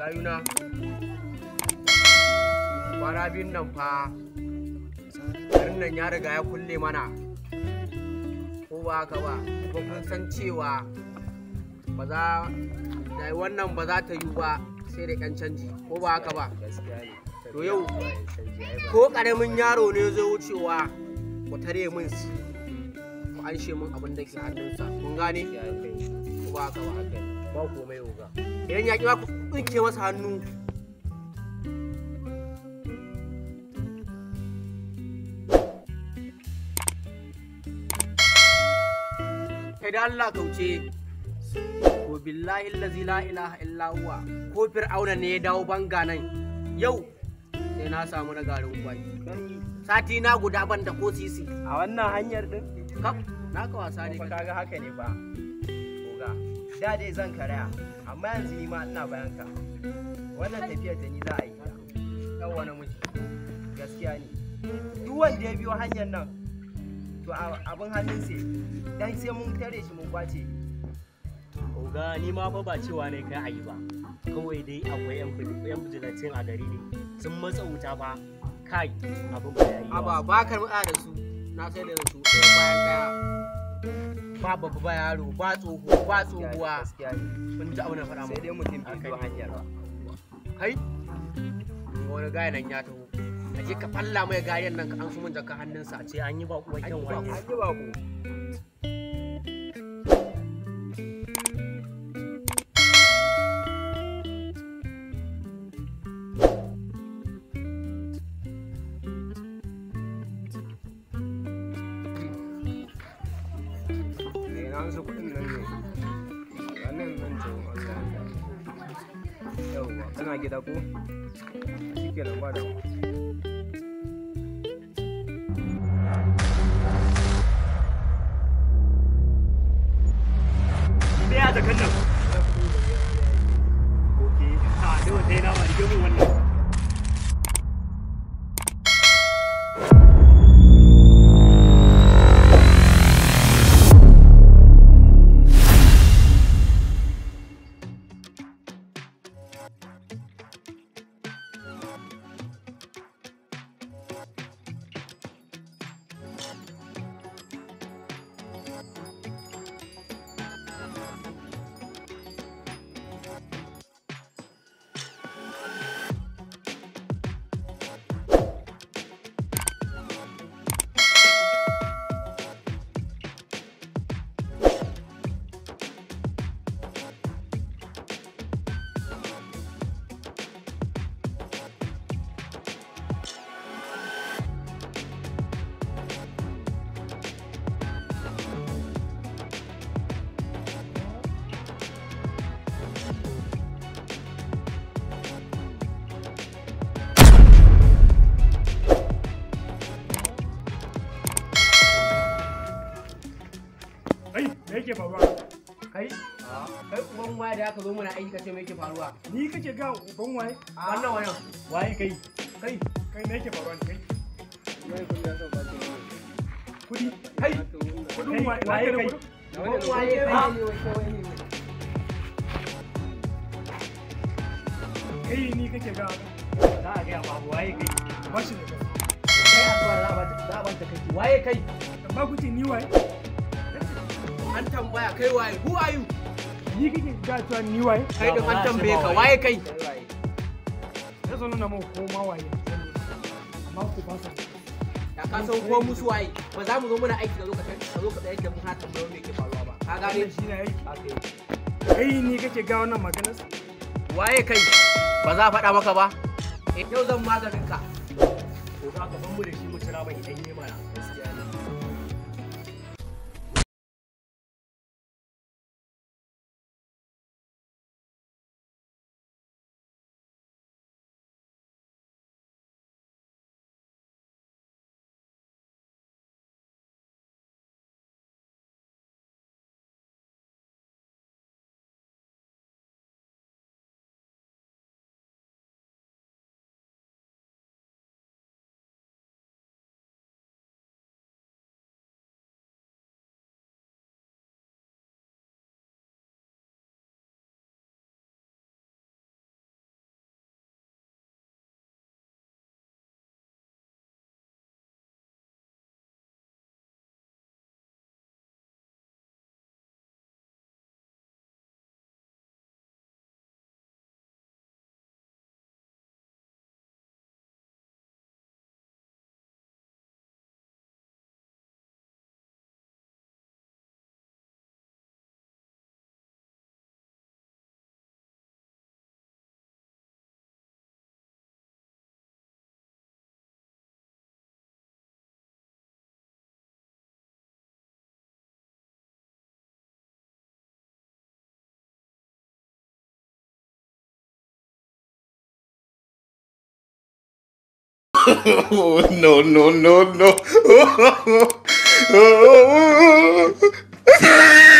sayuna kwana bin nan fa garin nan ya riga ya kulle mana ko ba haka ba ko kun san cewa ba za da wannan ba za ta yi ba sai da yan canji ko ba haka ba to yau ko karamin yaro ne zai wucewa ku tare min su ku anshe min abin da ke hannunsa kun gane ko ba haka ba ba komai oga idan ya kira ku tsinke masa hannu kai da Allah kauce ko billahi allazi la ilaha illa huwa ko fir'auna ne ya dawo banga nan yau sai na samu na garin gwaki sati na guda banda ko sisi a wannan hanyar din kap na ka wasa ne ka ga haka ne ba da dai zan karaya amma yanzu ni ma ina bayan ka wannan tafiyar da ni za a yi ta wani miji gaskiya ne duk wanda ya biyo hanyar nan to abin hannun sai dan sai mun tare shi mun kwace Oga ni ma fa ba cewa ne kai ayi ba kawai dai akwai yan bijilatin a gari ne sun matsa wuta ba kai abin ba yayi ba ba ka da su na sai da su bayan daya ba babu ba yaro ba tsoho ba tsohuwa kun ji faɗa sai dai mutum hanyar ba kai wani gaya nan ya taho ka falla mai gayan nan ka an su mun jaka hannunsa a ce an yi wani an yi yanzu kuɗin nan ne a nan nan ce wallahi yauwa kana gida ko shi ke ba da Me yake faruwa? Kai? Kai uban waye da aka zo mana aiki kace me yake faruwa? Ni kake ga uban waye? Wannan wayan. Waye kai? Kai. Kai me yake faruwa kai? Kudi. Kai. Kudin waye kai? Uban waye kai Kai ni kake ga za a gaya babu waye kai? Bashi ne kai. Kai a zuwa za a banta kai. Waye kai? Ba ku ce ni waye? an tambaya kai waye who are you ni kike ga cewa ni waye kai da an tambaye ka waye kai ya zo nuna mun ko ma waye amma ku ba sa da ka san ko musu waye ba za mu zo muna aiki da zo ka zo ka da me ke faruwa ba ka gane shi ne aiki kai ni kake ga wannan maganar waye kai ba za a faɗa maka ba eh, yau zan maganin ka ko za ka ban da shi mu idan mana gaskiya ne oh, no, no, no, no.